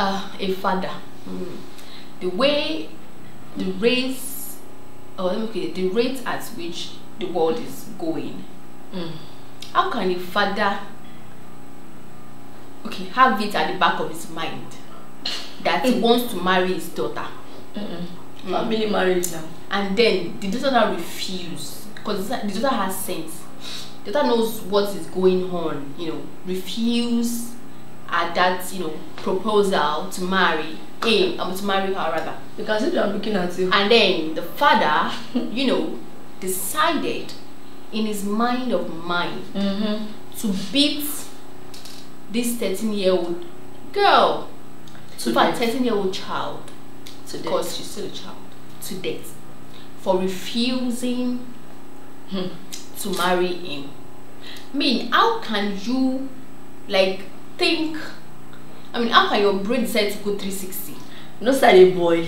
uh, a father. Mm. The way the race, oh, okay, the rate at which the world is going. Mm. How can a father, okay, have it at the back of his mind that he mm. wants to marry his daughter? Mm. Family marriage now. And then the daughter now refuses because the daughter has sense. The daughter knows what is going on. You know, refuse at that you know proposal to marry him um, to marry her rather because if are looking at you and then the father you know decided in his mind of mind mm -hmm. to beat this 13 year old girl to a 13 year old child to because she's still a child to death for refusing hmm. to marry him I mean how can you like think I mean, how can your brain decide to go 360? No, sir, a boy.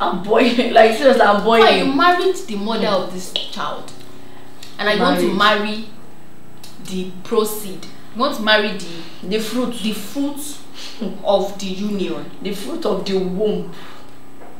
I'm boiling. Like, seriously, I'm boiling. Why you married the mother of this child? And I want to marry the proceed. You want to marry the the fruit. The fruit of the union. The fruit of the womb.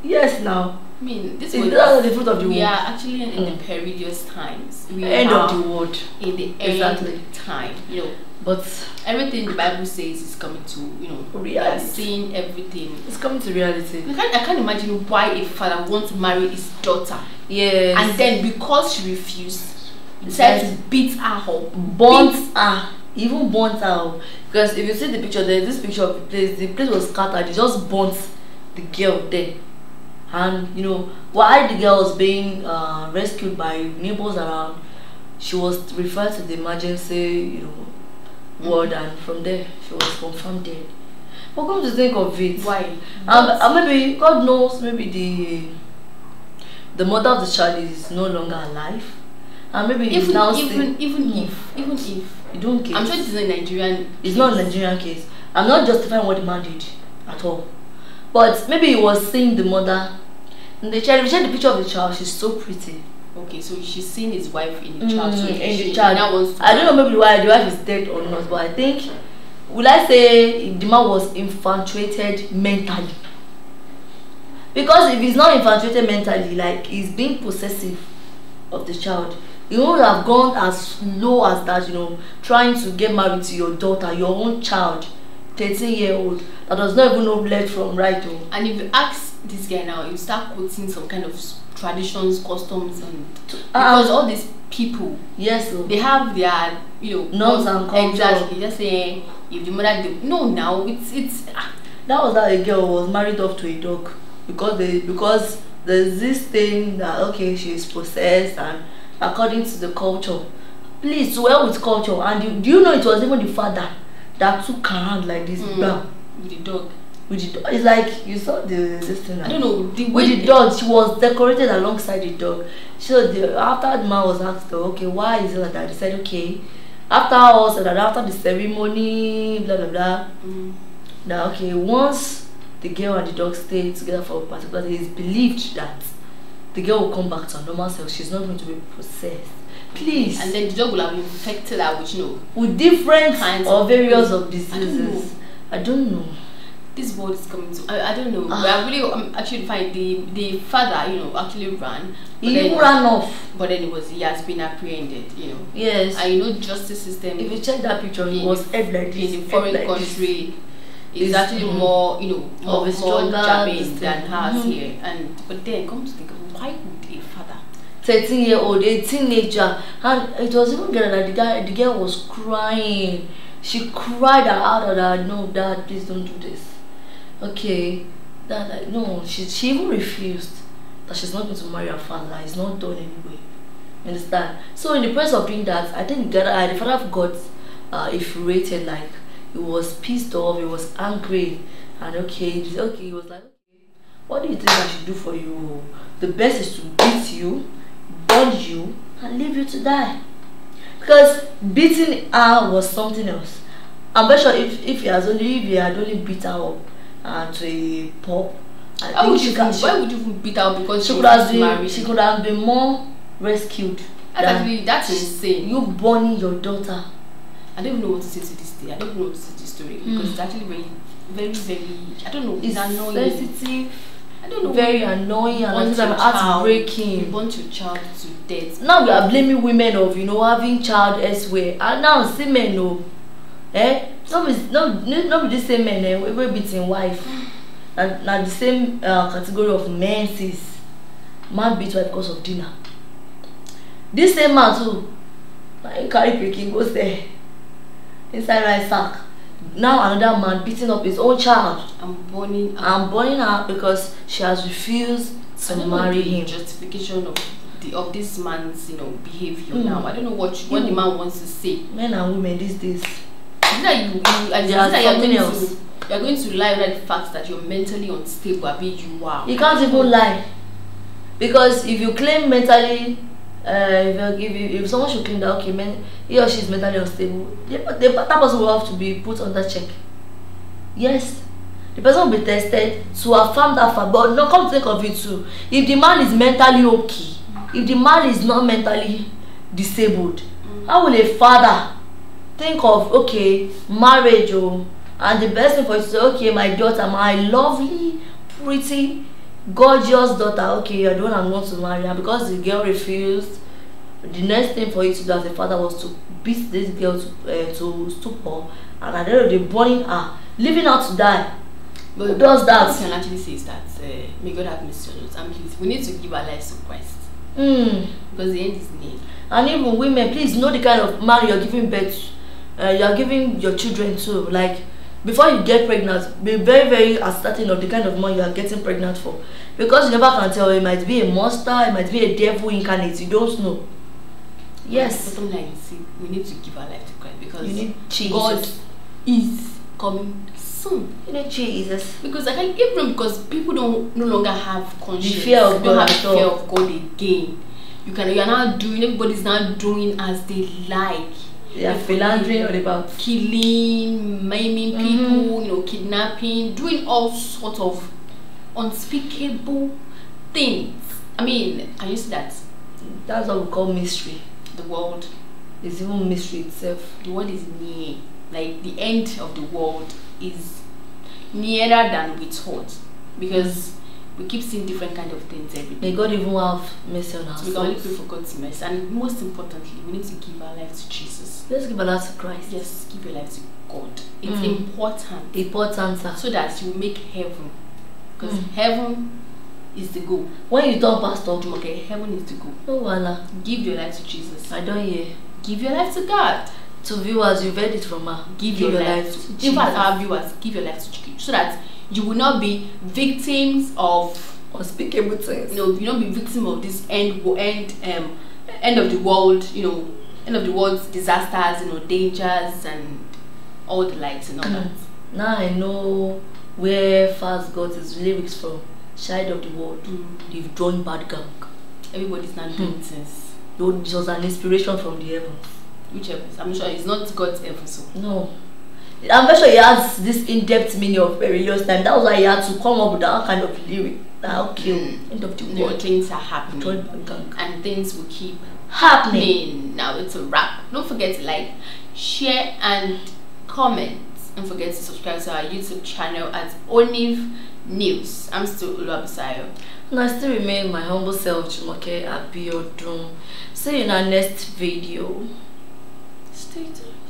Yes, now. I mean, this is the truth of the we world. We are actually in, mm. the perilous times. We end of the world. In the end exactly. time, you know. But everything the Bible says is coming to you know reality. Seeing everything, it's coming to reality. I can't, I can't imagine why a father wants to marry his daughter. Yes. And then because she refused, decided yes. to beat her up, burnt her, even burnt her. Because if you see the picture, there's this picture of the place. The place was scattered. They just burnt the girl there and you know while the girl was being uh, rescued by neighbors around she was referred to the emergency you know mm-hmm. ward mm -hmm. and from there she was confirmed dead What come to think of it why um, and uh, maybe god knows maybe the the mother of the child is no longer alive and maybe even now even even if even if you don't care i'm sure this is a nigerian it's case. not a nigerian case i'm not justifying what the man did at all But maybe he was seeing the mother. In the child, if you check the picture of the child, she's so pretty. Okay, so she's seeing his wife in the mm, child. Mm, so in the child. Now I don't know maybe why the wife is dead or not, but I think, would I say the man was infatuated mentally? Because if he's not infatuated mentally, like he's being possessive of the child, he would have gone as low as that, you know, trying to get married to your daughter, your own child. 13 year old that does not even know left from right. Oh. And if you ask this guy now, you start quoting some kind of traditions, customs, and ah, ah. because um, all these people, yes, oh. they have their you know norms and culture. Exactly, just saying if the mother did, no, now it's it's. Ah. That was that a girl was married off to a dog because they because there's this thing that okay she's possessed and according to the culture, please well with culture and do you know it was even the father that took her hand like this, mm. bam. With the dog. With the dog. It's like you saw the this thing. Like, I don't know. The with the dog, she was decorated alongside the dog. So the, after the man was asked, oh, okay, why is it like that? He said, okay. After said that after the ceremony, blah blah blah. Mm. Now okay, once the girl and the dog stay together for a particular day, it's believed that the girl will come back to her normal self. She's not going to be possessed. Please. And then the dog will have infected her with, you know, with different kinds or various of diseases. I don't know. I don't know. This world is coming to. I, I don't know. Uh, ah. but I really actually find the the father, you know, actually ran. He then, ran off. But then it was he has been apprehended, you know. Yes. And you know, justice system. If you check that picture, he was head like this. In a foreign like country. This is actually mm -hmm. more, you know, more, more jabbing than has mm -hmm. here. And but then, come to think of a father 13 year old a teenager and it was even girl that the guy the girl was crying she cried out of that no dad please don't do this okay Dad, like, no she, she even refused that she's not going to marry her father it's not done anyway you understand so in the process of doing that i think that uh, the father of god uh infuriated like he was pissed off he was angry and okay okay he was like What do you think I should do for you? The best is to beat you, burn you, and leave you to die. Because beating her was something else. I'm very sure if, if he has only if he had only beat her up uh, to a pulp. I How think she can. why would you beat her up? Because she, she could have been married. she could have been more rescued. That's than actually that's insane. You burning your daughter. I don't even know what to say to this day. I don't know what to say to this story mm. because hmm. it's actually very, very, very. I don't know. It's, it's annoying. sensitive very annoying and until like heartbreaking. You want your child to death. Now we are blaming women of you know having child elsewhere and now see men o oh. eh no be no the same men eh wey beating wife And now the same uh, category of men sees man beat wife because of dinner this same man too na him carry pikin go sell inside my sack now another man beating up his own child. I'm burning her. I'm burning her because she has refused to marry him. Justification of the, of this man's you know behavior mm. now. I don't know what you, what mm. the hmm. man wants to say. Men and women these days. Is that you? you and are else. To, you're going to lie about the fact that you're mentally unstable. I mean, you are. You can't even lie because if you claim mentally uh, if, if, if someone should claim that okay man he or she is mentally unstable the, the, that person will have to be put under check yes the person will be tested to affirm that fact but no come think of it too if the man is mentally okay if the man is not mentally disabled mm. how will a father think of okay marriage o oh, and the best thing for you to say okay my daughter my lovely pretty gorgeous daughter okay you're the one i'm going to marry and because the girl refused the next thing for you to do as a father was to beat this girl to, uh, to stupor and at the end of the day burning her leaving her to die but who does that what you can actually say is that uh, may god have mercy on us and please we need to give our lives to christ mm. because the end is near and even women please know the kind of man you're giving birth uh, you're giving your children to like before you get pregnant be very very ascertain of the kind of man you are getting pregnant for because you never can tell it might be a monster it might be a devil incarnate you don't know yes bottom line see, we need to give our life to christ because you need jesus. god is coming soon you need jesus because i can give them because people don't no longer have conscience the fear of God. they don't have fear of god again you can you're now doing everybody's now doing as they like yeah, philandering, all about killing, maiming mm -hmm. people, you know, kidnapping, doing all sorts of unspeakable things. I mean, I see that. That's what we call mystery. The world is even mystery itself. The world is near. Like the end of the world is nearer than we thought. Because we keep seeing different kind of things every day. May God even have mercy on us. We can only pray for God's mercy. And most importantly, we need to give our life to Jesus. Let's give our life to Christ. Yes, give your life to God. It's mm. important. Important, sir. So that you make heaven. Because mm. heaven is the goal. When you don't pass talk, okay, heaven is the goal. Oh, voila. Give your life to Jesus. I don't hear. Give your life to God. To viewers, you've heard it from her. Give, give your, your, life, life to, Jesus. In fact, our viewers, give your life to Jesus. So that you will not be victims of unspeakable things. You know, you do not be victim of this end end um end of the world. You know, end of the world's disasters. You know, dangers and all the likes and all that. Mm. Now I know where Fast got his lyrics from. Child of the world, mm. they've drawn bad gang. Everybody's not hmm. doing things. This was an inspiration from the heavens. Which heavens? I'm sure it's not God's heaven, so. No, I'm not sure he has this in-depth meaning of perilous time. That was why he had to come up with that kind of lyric. That'll kill mm. end of the world. Things are happening, and things will keep happening. happening. Now it's a wrap. Don't forget to like, share, and comment. Don't forget to subscribe to our YouTube channel at Oniv News. I'm still Uluabisayo. And I still remain my humble self, Jumoke Abiodun. See you in our next video. Stay tuned.